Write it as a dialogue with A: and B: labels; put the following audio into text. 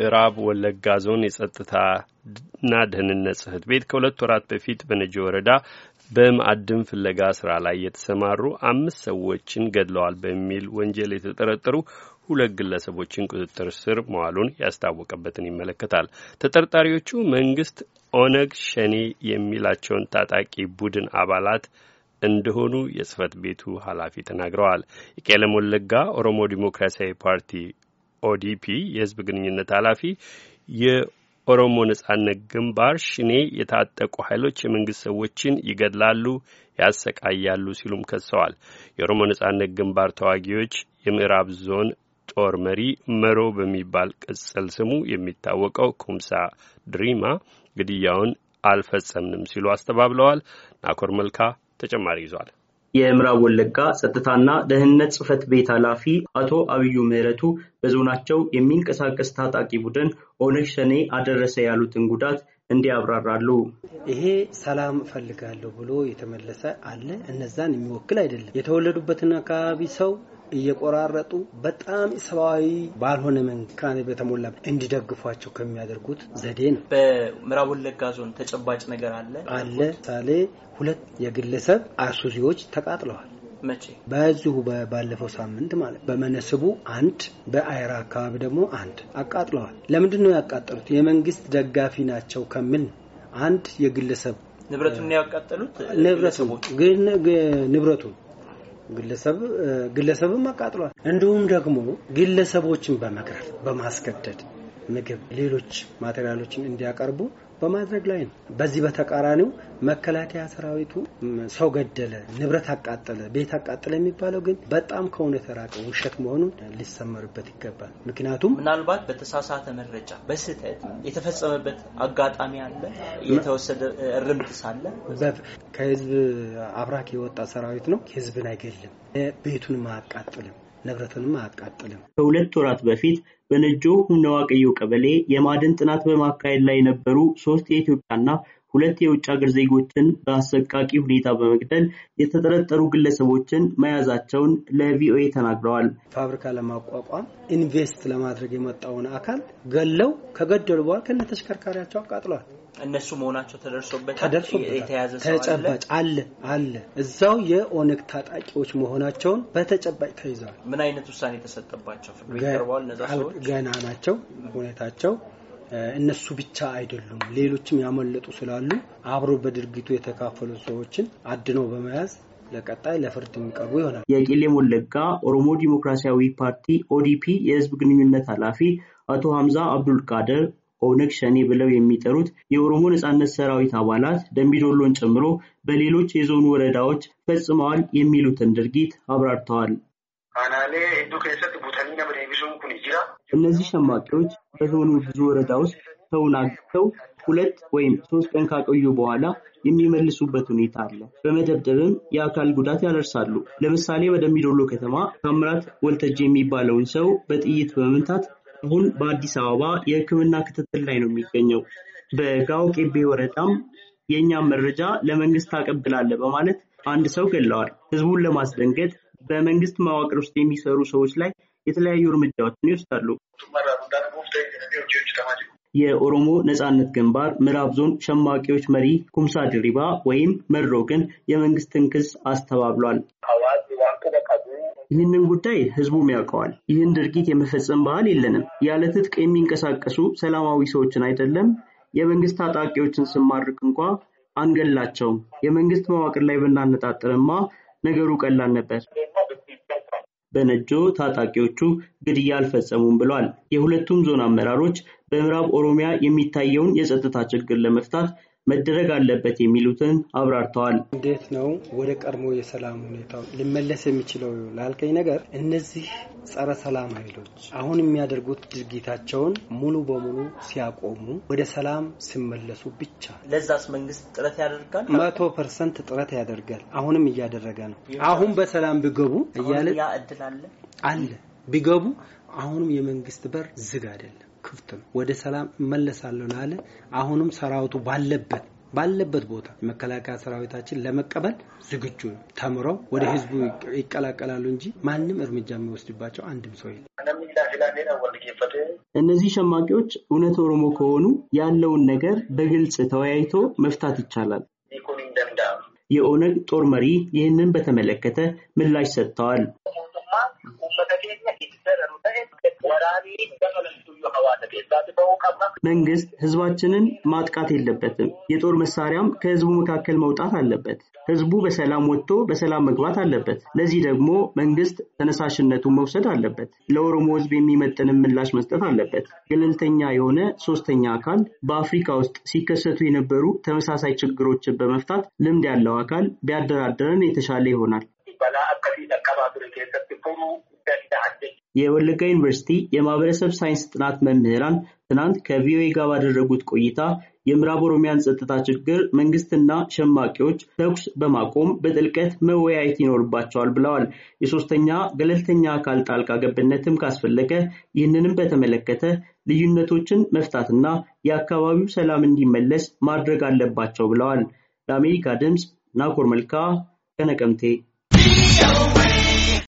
A: የምዕራብ ወለጋ ዞን የጸጥታና ደህንነት ጽህፈት ቤት ከሁለት ወራት በፊት በነጂ ወረዳ በማዕድን ፍለጋ ስራ ላይ የተሰማሩ አምስት ሰዎችን ገድለዋል በሚል ወንጀል የተጠረጠሩ ሁለት ግለሰቦችን ቁጥጥር ስር መዋሉን ያስታወቀበትን ይመለከታል። ተጠርጣሪዎቹ መንግስት ኦነግ ሸኔ የሚላቸውን ታጣቂ ቡድን አባላት እንደሆኑ የጽህፈት ቤቱ ኃላፊ ተናግረዋል። የቄለም ወለጋ ኦሮሞ ዲሞክራሲያዊ ፓርቲ ኦዲፒ የህዝብ ግንኙነት ኃላፊ የኦሮሞ ነጻነት ግንባር ሽኔ የታጠቁ ኃይሎች የመንግስት ሰዎችን ይገድላሉ፣ ያሰቃያሉ ሲሉም ከሰዋል። የኦሮሞ ነጻነት ግንባር ተዋጊዎች የምዕራብ ዞን ጦር መሪ መሮ በሚባል ቅጽል ስሙ የሚታወቀው ኩምሳ ድሪማ ግድያውን አልፈጸምንም ሲሉ አስተባብለዋል። ናኮር መልካ ተጨማሪ ይዟል።
B: የምዕራብ ወለጋ ጸጥታና ደህንነት ጽህፈት ቤት ኃላፊ አቶ አብዩ ምህረቱ በዞናቸው የሚንቀሳቀስ ታጣቂ ቡድን ኦነግ ሸኔ አደረሰ ያሉትን ጉዳት እንዲያብራራሉ።
C: ይሄ ሰላም እፈልጋለሁ ብሎ የተመለሰ አለ። እነዛን የሚወክል አይደለም። የተወለዱበትን አካባቢ ሰው እየቆራረጡ በጣም ሰብአዊ ባልሆነ መንካኔ በተሞላ እንዲደግፏቸው ከሚያደርጉት ዘዴ ነው።
B: በምዕራብ ወለጋ ዞን ተጨባጭ ነገር አለ
C: አለ ሳሌ ሁለት የግለሰብ አይሱዚዎች ተቃጥለዋል። መቼ? በዚሁ ባለፈው ሳምንት ማለት በመነስቡ አንድ፣ በአይራ አካባቢ ደግሞ አንድ አቃጥለዋል። ለምንድን ነው ያቃጠሉት? የመንግስት ደጋፊ ናቸው ከሚል አንድ የግለሰብ
B: ንብረቱን ያቃጠሉት
C: ንብረቱን ግለሰብ ግለሰብም አቃጥሏል። እንዲሁም ደግሞ ግለሰቦችን በመግረፍ በማስገደድ ምግብ፣ ሌሎች ማቴሪያሎችን እንዲያቀርቡ በማድረግ ላይ ነው። በዚህ በተቃራኒው መከላከያ ሰራዊቱ ሰው ገደለ፣ ንብረት አቃጠለ፣ ቤት አቃጠለ የሚባለው ግን በጣም ከእውነት የራቀ ውሸት መሆኑን ሊሰመርበት ይገባል። ምክንያቱም
B: ምናልባት በተሳሳተ መረጃ በስህተት የተፈጸመበት አጋጣሚ አለ፣ የተወሰደ እርምት
C: ሳለ ከህዝብ አብራክ የወጣ ሰራዊት ነው። ህዝብን አይገልም፣ ቤቱንም አያቃጥልም። ንብረቱንም አያቃጥልም።
B: ከሁለት ወራት በፊት በነጆ ሁመዋ ቀዮ ቀበሌ የማዕድን ጥናት በማካሄድ ላይ የነበሩ ሶስት የኢትዮጵያና ሁለት የውጭ ሀገር ዜጎችን በአሰቃቂ ሁኔታ በመግደል የተጠረጠሩ ግለሰቦችን መያዛቸውን
C: ለቪኦኤ ተናግረዋል። ፋብሪካ ለማቋቋም ኢንቨስት ለማድረግ የመጣውን አካል ገለው ከገደሉ በኋላ ከነ ተሽከርካሪያቸው አቃጥሏል።
B: እነሱ መሆናቸው ተደርሶበታል። ተጨባጭ
C: አለ አለ እዛው የኦነግ ታጣቂዎች መሆናቸውን በተጨባጭ ተይዘዋል።
B: ምን አይነት ውሳኔ የተሰጠባቸው? ገና
C: ናቸው ሁኔታቸው እነሱ ብቻ አይደሉም፣ ሌሎችም ያመለጡ ስላሉ አብሮ በድርጊቱ የተካፈሉ ሰዎችን አድኖ በመያዝ ለቀጣይ ለፍርድ የሚቀርቡ ይሆናል። የቄሌ
B: ሞለጋ ኦሮሞ ዲሞክራሲያዊ ፓርቲ ኦዲፒ የህዝብ ግንኙነት ኃላፊ አቶ ሀምዛ አብዱልቃድር ኦነግ ሸኔ ብለው የሚጠሩት የኦሮሞ ነጻነት ሰራዊት አባላት ደንቢዶሎን ጨምሮ በሌሎች የዞኑ ወረዳዎች ፈጽመዋል የሚሉትን ድርጊት አብራርተዋል። እነዚህ ሸማቂዎች በዞኑ ብዙ ወረዳ ውስጥ ሰውን አግተው ሁለት ወይም ሶስት ቀን ካቆዩ በኋላ የሚመልሱበት ሁኔታ አለ። በመደብደብም የአካል ጉዳት ያደርሳሉ። ለምሳሌ በደምቢዶሎ ከተማ ታምራት ወልተጅ የሚባለውን ሰው በጥይት በመምታት አሁን በአዲስ አበባ የሕክምና ክትትል ላይ ነው የሚገኘው። በጋው ቄቤ ወረዳም የእኛም መረጃ ለመንግስት ታቀብላለ በማለት አንድ ሰው ገለዋል። ህዝቡን ለማስደንገጥ በመንግስት መዋቅር ውስጥ የሚሰሩ ሰዎች ላይ የተለያዩ እርምጃዎችን ይወስዳሉ። የኦሮሞ ነጻነት ግንባር ምዕራብ ዞን ሸማቂዎች መሪ ኩምሳ ድሪባ ወይም መድሮ ግን የመንግስትን ክስ አስተባብሏል። ይህንን ጉዳይ ህዝቡም ያውቀዋል። ይህን ድርጊት የመፈጸም ባህል የለንም። ያለ ትጥቅ የሚንቀሳቀሱ ሰላማዊ ሰዎችን አይደለም የመንግስት ታጣቂዎችን ስማርክ እንኳ አንገላቸውም። የመንግስት መዋቅር ላይ ብናነጣጥርማ ነገሩ ቀላል ነበር። በነጆ ታጣቂዎቹ ግድያ አልፈጸሙም ብለዋል። የሁለቱም ዞን አመራሮች በምዕራብ ኦሮሚያ የሚታየውን የጸጥታ ችግር ለመፍታት መደረግ አለበት የሚሉትን አብራርተዋል።
C: እንዴት ነው ወደ ቀድሞ የሰላም ሁኔታው ሊመለስ የሚችለው ላልከኝ ነገር እነዚህ ጸረ ሰላም ኃይሎች አሁን የሚያደርጉት ድርጊታቸውን ሙሉ በሙሉ ሲያቆሙ ወደ ሰላም ሲመለሱ ብቻ።
B: ለዛስ መንግስት ጥረት ያደርጋል። መቶ
C: ፐርሰንት ጥረት ያደርጋል። አሁንም እያደረገ ነው። አሁን በሰላም ቢገቡ እያለ እድል አለ አለ ቢገቡ አሁንም የመንግስት በር ዝግ አይደለም፣ ክፍት ነው። ወደ ሰላም እመለሳለሁ አለ። አሁንም ሰራዊቱ ባለበት ባለበት ቦታ መከላከያ ሰራዊታችን ለመቀበል ዝግጁ ነው። ተምረው ወደ ህዝቡ ይቀላቀላሉ እንጂ ማንም እርምጃ የሚወስድባቸው አንድም ሰው የለም።
B: እነዚህ ሸማቂዎች እውነት ኦሮሞ ከሆኑ ያለውን ነገር በግልጽ ተወያይቶ መፍታት ይቻላል። የኦነግ ጦር መሪ ይህንን በተመለከተ ምላሽ ሰጥተዋል። መንግስት ህዝባችንን ማጥቃት የለበትም። የጦር መሳሪያም ከህዝቡ መካከል መውጣት አለበት። ህዝቡ በሰላም ወጥቶ በሰላም መግባት አለበት። ለዚህ ደግሞ መንግስት ተነሳሽነቱን መውሰድ አለበት። ለኦሮሞ ህዝብ የሚመጥንም ምላሽ መስጠት አለበት። ገለልተኛ የሆነ ሶስተኛ አካል በአፍሪካ ውስጥ ሲከሰቱ የነበሩ ተመሳሳይ ችግሮችን በመፍታት ልምድ ያለው አካል ቢያደራደረን የተሻለ ይሆናል። የወለጋ ዩኒቨርሲቲ የማህበረሰብ ሳይንስ ጥናት መምህራን ትናንት ከቪኦኤ ጋር ባደረጉት ቆይታ የምዕራብ ኦሮሚያን ጸጥታ ችግር መንግስትና ሸማቂዎች ተኩስ በማቆም በጥልቀት መወያየት ይኖርባቸዋል ብለዋል። የሶስተኛ ገለልተኛ አካል ጣልቃ ገብነትም ካስፈለገ ይህንንም በተመለከተ ልዩነቶችን መፍታትና የአካባቢው ሰላም እንዲመለስ ማድረግ አለባቸው ብለዋል። ለአሜሪካ ድምፅ ናኮር መልካ ከነቀምቴ